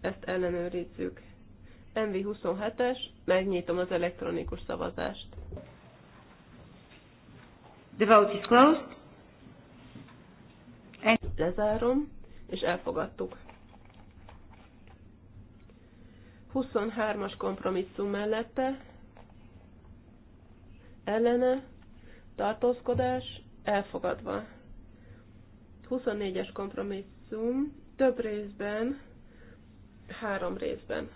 ezt ellenőrizzük. MV27-es, megnyitom az elektronikus szavazást. The vote is closed. And Lezárom, és elfogadtuk. 23-as kompromisszum mellette ellene tartózkodás elfogadva. 24-es kompromisszum több részben, három részben.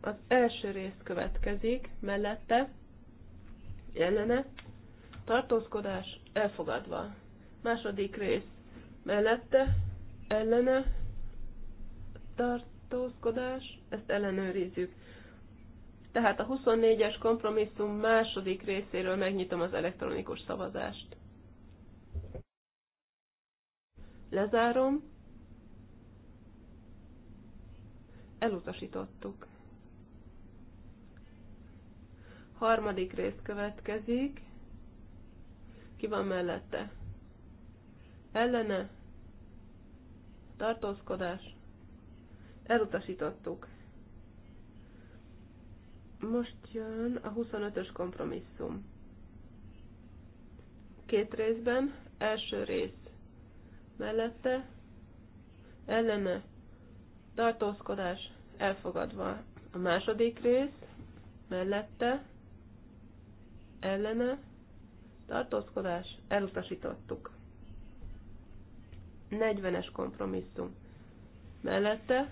Az első rész következik mellette, ellene tartózkodás elfogadva. Második rész mellette, ellene, tartózkodás, ezt ellenőrizzük. Tehát a 24-es kompromisszum második részéről megnyitom az elektronikus szavazást. Lezárom. Elutasítottuk. Harmadik rész következik. Ki van mellette? Ellene? Tartózkodás? Elutasítottuk. Most jön a 25-ös kompromisszum. Két részben, első rész. Mellette, ellene, tartózkodás, elfogadva. A második rész, mellette, ellene, tartózkodás, elutasítottuk. 40-es kompromisszum. Mellette,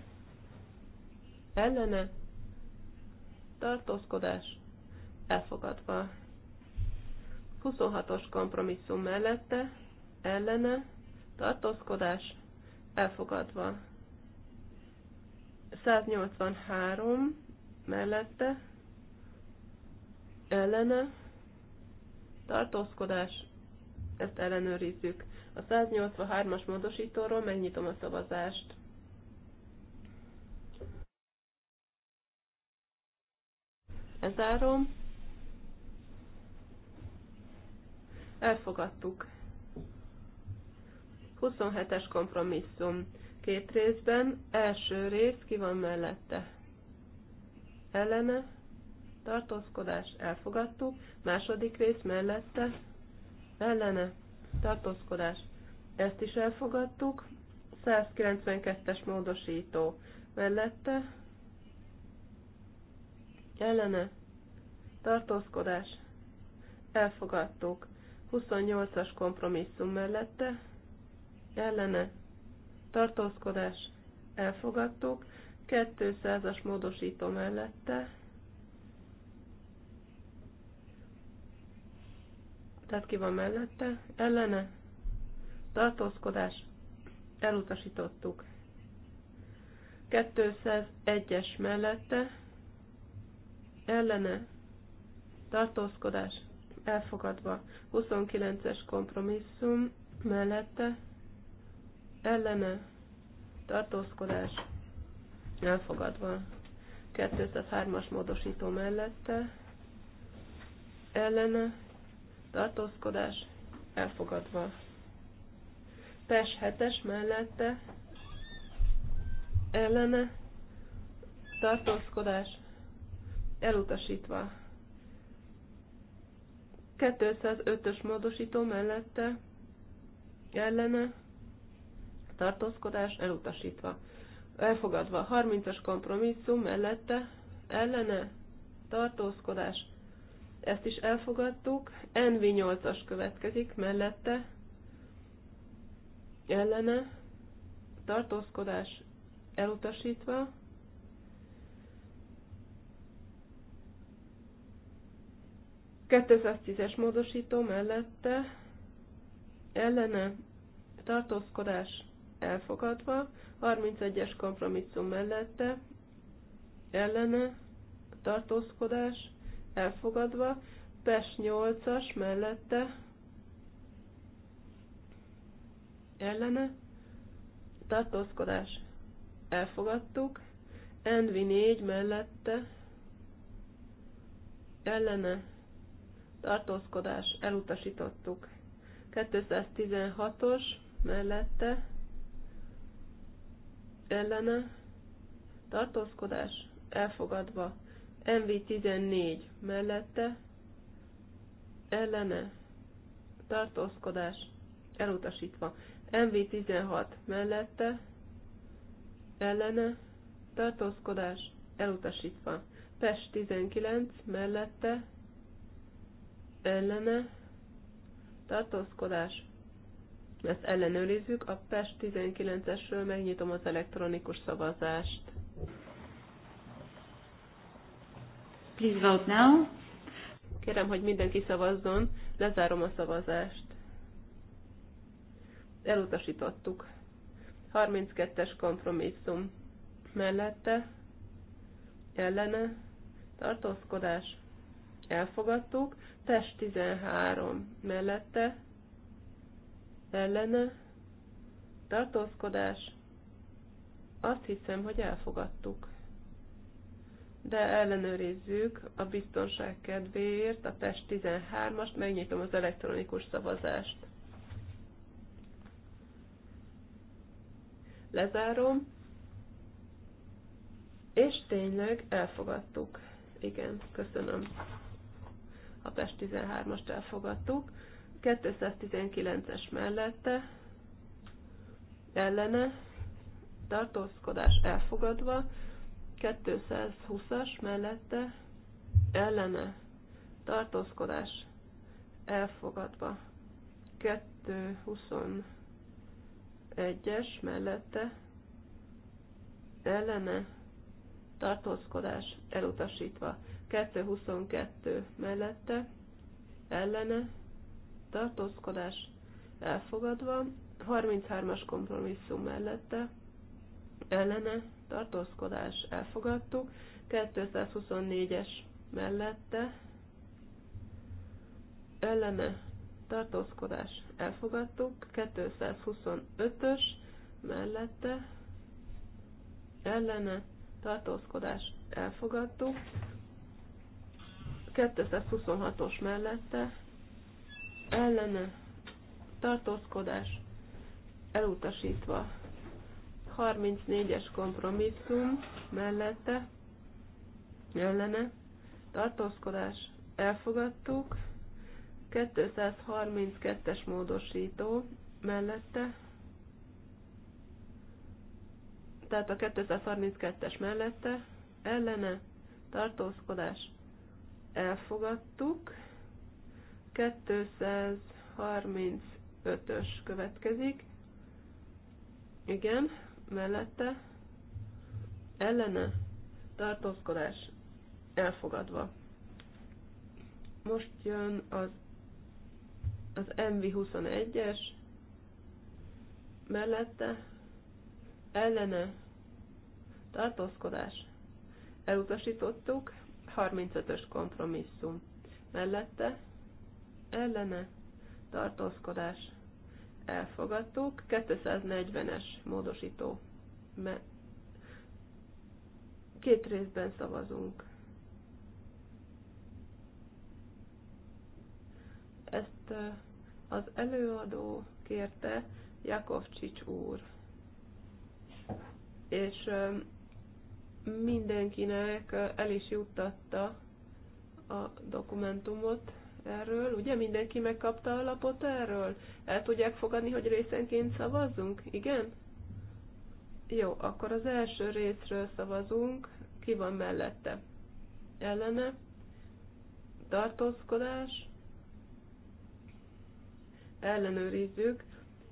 ellene, tartózkodás, elfogadva. 26-os kompromisszum mellette, ellene, tartózkodás, elfogadva. 183 mellette, ellene, tartózkodás, ezt ellenőrizzük. A 183-as módosítóról megnyitom a szavazást. Lezárom. Elfogadtuk. 27-es kompromisszum. Két részben. Első rész ki van mellette? Ellene? tartózkodás, elfogadtuk. Második rész mellette, ellene, tartózkodás, ezt is elfogadtuk. 192-es módosító mellette, ellene, tartózkodás, elfogadtuk. 28-as kompromisszum mellette, ellene, tartózkodás, elfogadtuk. 200-as módosító mellette, tehát ki van mellette, ellene, tartózkodás, elutasítottuk. 201-es mellette, ellene, tartózkodás, elfogadva. 29-es kompromisszum mellette, ellene, tartózkodás, elfogadva. 203-as módosító mellette, ellene, tartózkodás elfogadva. PES hetes mellette ellene tartózkodás elutasítva. 205-ös módosító mellette ellene tartózkodás elutasítva. Elfogadva 30-as kompromisszum mellette ellene tartózkodás ezt is elfogadtuk. NV8-as következik mellette, ellene, tartózkodás elutasítva, es módosító mellette, ellene, tartózkodás elfogadva, 31-es kompromisszum mellette, ellene, tartózkodás elfogadva, PES 8-as mellette ellene tartózkodás elfogadtuk, Envi 4 mellette ellene tartózkodás elutasítottuk. 216-os mellette ellene tartózkodás elfogadva. MV14 mellette ellene tartózkodás elutasítva. MV16 mellette ellene tartózkodás elutasítva. PES 19 mellette ellene tartózkodás ezt ellenőrizzük, a PES 19-esről megnyitom az elektronikus szavazást. Please vote now. Kérem, hogy mindenki szavazzon. Lezárom a szavazást. Elutasítottuk. 32-es kompromisszum. Mellette, ellene, tartózkodás. Elfogadtuk. Test 13. Mellette, ellene, tartózkodás. Azt hiszem, hogy elfogadtuk de ellenőrizzük a biztonság kedvéért a test 13-ast, megnyitom az elektronikus szavazást. Lezárom, és tényleg elfogadtuk. Igen, köszönöm. A test 13-ast elfogadtuk. 219-es mellette, ellene, tartózkodás elfogadva, 220-as mellette ellene tartózkodás elfogadva. 221-es mellette ellene tartózkodás elutasítva. 222 mellette ellene tartózkodás elfogadva. 33-as kompromisszum mellette ellene tartózkodás elfogadtuk, 224-es mellette ellene tartózkodás elfogadtuk, 225-ös mellette ellene tartózkodás elfogadtuk, 226-os mellette ellene tartózkodás elutasítva 34-es kompromisszum mellette ellene tartózkodás elfogadtuk, 232-es módosító mellette, tehát a 232-es mellette ellene tartózkodás elfogadtuk, 235-ös következik, igen, mellette, ellene, tartózkodás elfogadva. Most jön az, az MV21-es, mellette, ellene, tartózkodás elutasítottuk, 35-ös kompromisszum mellette, ellene, tartózkodás elfogadtuk. 240-es módosító. Két részben szavazunk. Ezt az előadó kérte Csics úr. És mindenkinek el is juttatta a dokumentumot, erről? Ugye mindenki megkapta a lapot erről? El tudják fogadni, hogy részenként szavazzunk? Igen? Jó, akkor az első részről szavazunk. Ki van mellette? Ellene? Tartózkodás? Ellenőrizzük.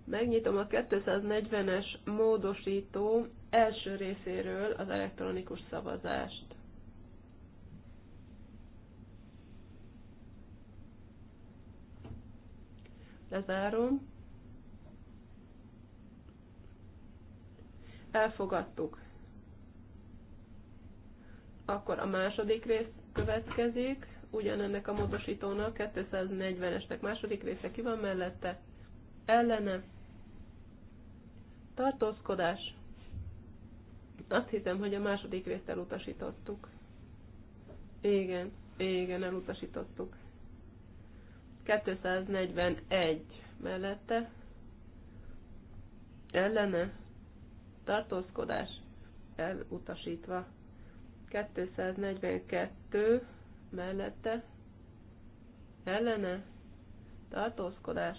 Megnyitom a 240-es módosító első részéről az elektronikus szavazást. Lezárom. Elfogadtuk. Akkor a második rész következik, ugyanennek a módosítónak, 240-esnek második része ki van mellette, ellene, tartózkodás, azt hiszem, hogy a második részt elutasítottuk. Igen, igen, elutasítottuk. 241 mellette ellene tartózkodás elutasítva. 242 mellette ellene tartózkodás,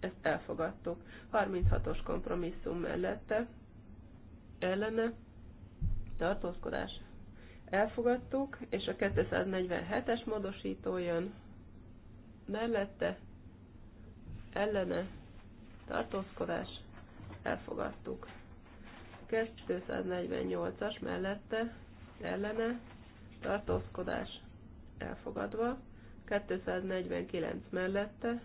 ezt elfogadtuk. 36-os kompromisszum mellette ellene tartózkodás elfogadtuk, és a 247-es módosító jön mellette ellene tartózkodás elfogadtuk. 248-as mellette ellene tartózkodás elfogadva, 249 mellette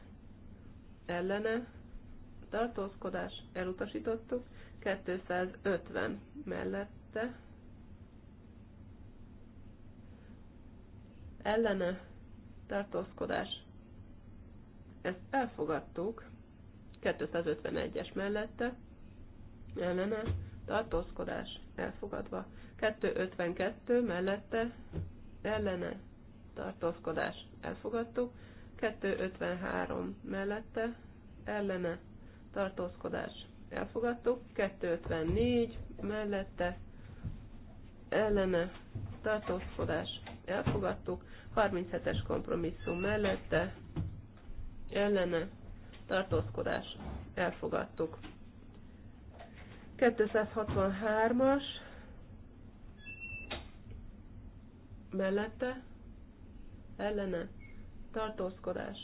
ellene tartózkodás elutasítottuk, 250 mellette ellene tartózkodás ezt elfogadtuk. 251-es mellette ellene tartózkodás elfogadva. 252 mellette ellene tartózkodás elfogadtuk. 253 mellette ellene tartózkodás elfogadtuk. 254 mellette ellene tartózkodás elfogadtuk. 37-es kompromisszum mellette ellene tartózkodás elfogadtuk. 263-as mellette ellene tartózkodás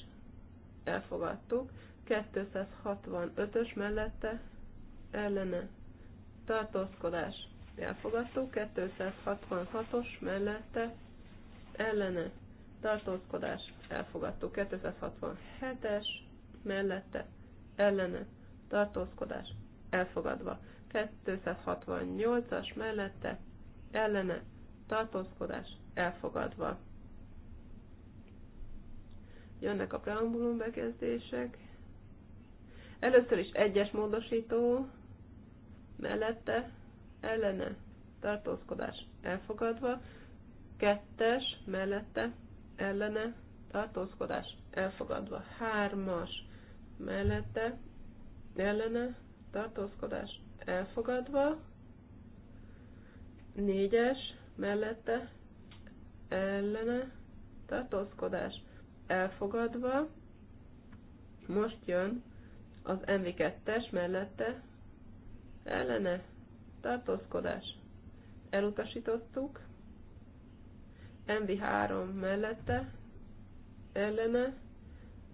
elfogadtuk. 265-ös mellette ellene tartózkodás elfogadtuk. 266-os mellette ellene tartózkodás, elfogadtó 267-es, mellette, ellene, tartózkodás, elfogadva. 268-as, mellette, ellene, tartózkodás, elfogadva. Jönnek a preambulum bekezdések. Először is egyes módosító, mellette, ellene, tartózkodás elfogadva, kettes, mellette, ellene tartózkodás elfogadva. Hármas mellette ellene tartózkodás elfogadva. Négyes mellette ellene tartózkodás elfogadva. Most jön az MV2-es mellette ellene tartózkodás. Elutasítottuk. MV3 mellette, ellene,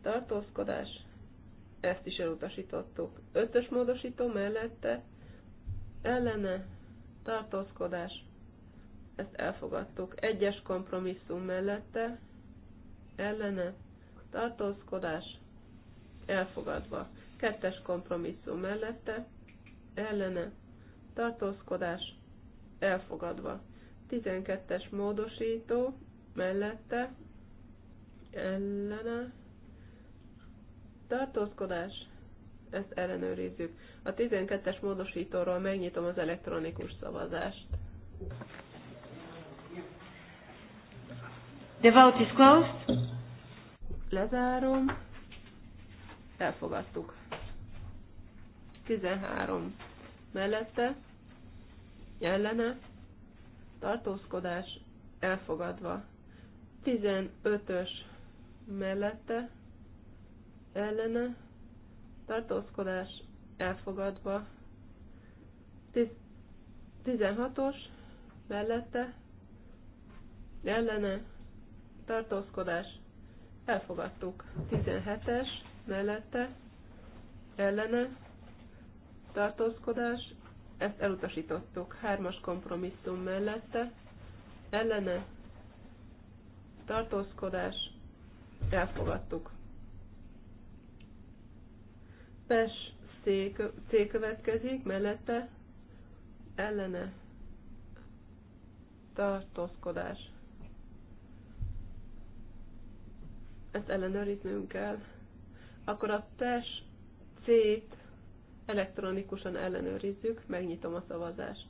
tartózkodás, ezt is elutasítottuk. Ötös módosító mellette, ellene, tartózkodás, ezt elfogadtuk. Egyes kompromisszum mellette, ellene, tartózkodás, elfogadva. Kettes kompromisszum mellette, ellene, tartózkodás, elfogadva. 12-es módosító mellette ellene tartózkodás, ezt ellenőrizzük. A 12-es módosítóról megnyitom az elektronikus szavazást. The vote is closed. Lezárom. Elfogadtuk. 13 mellette, ellene, tartózkodás elfogadva. 15-ös mellette ellene tartózkodás elfogadva. 16-os mellette ellene tartózkodás elfogadtuk. 17-es mellette ellene tartózkodás ezt elutasítottuk. Hármas kompromisszum mellette, ellene, tartózkodás, elfogadtuk. PES C következik, mellette, ellene, tartózkodás. Ezt ellenőriznünk kell. Akkor a PES C-t elektronikusan ellenőrizzük, megnyitom a szavazást.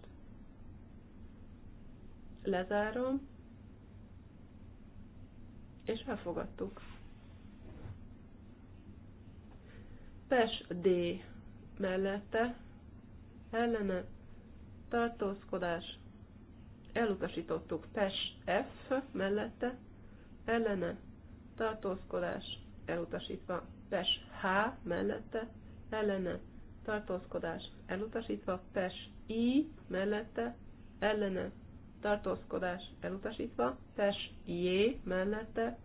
Lezárom, és elfogadtuk. Pes D mellette ellene tartózkodás elutasítottuk. Pes F mellette ellene tartózkodás elutasítva. Pes H mellette ellene tartózkodás elutasítva, pes i mellette, ellene, tartózkodás elutasítva, pes j mellette,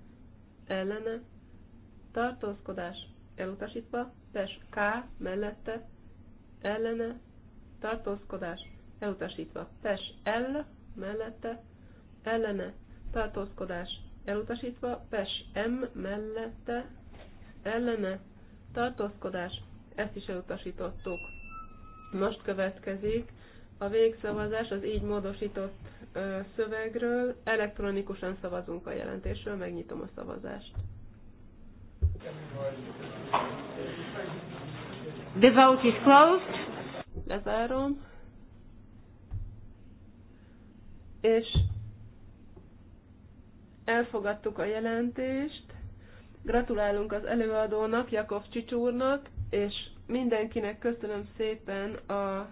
ellene, tartózkodás elutasítva, pes k mellette, ellene, tartózkodás elutasítva, pes l mellette, ellene, tartózkodás elutasítva, pes m mellette, ellene, tartózkodás ezt is elutasítottuk. Most következik a végszavazás az így módosított szövegről. Elektronikusan szavazunk a jelentésről, megnyitom a szavazást. The vote is closed. Lezárom. És elfogadtuk a jelentést. Gratulálunk az előadónak, Jakov Csicsúrnak, és Mindenkinek köszönöm szépen a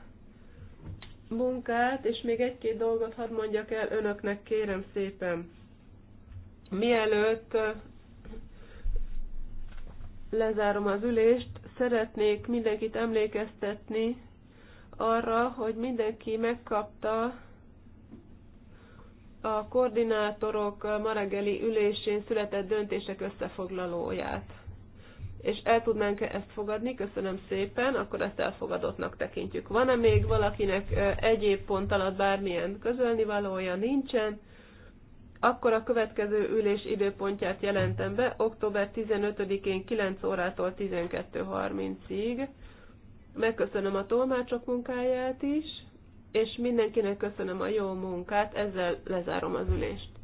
munkát, és még egy-két dolgot hadd mondjak el önöknek, kérem szépen. Mielőtt lezárom az ülést, szeretnék mindenkit emlékeztetni arra, hogy mindenki megkapta a koordinátorok ma reggeli ülésén született döntések összefoglalóját és el tudnánk -e ezt fogadni, köszönöm szépen, akkor ezt elfogadottnak tekintjük. Van-e még valakinek egyéb pont alatt bármilyen közölni valója nincsen, akkor a következő ülés időpontját jelentem be, október 15-én 9 órától 12.30-ig. Megköszönöm a tolmácsok munkáját is, és mindenkinek köszönöm a jó munkát, ezzel lezárom az ülést.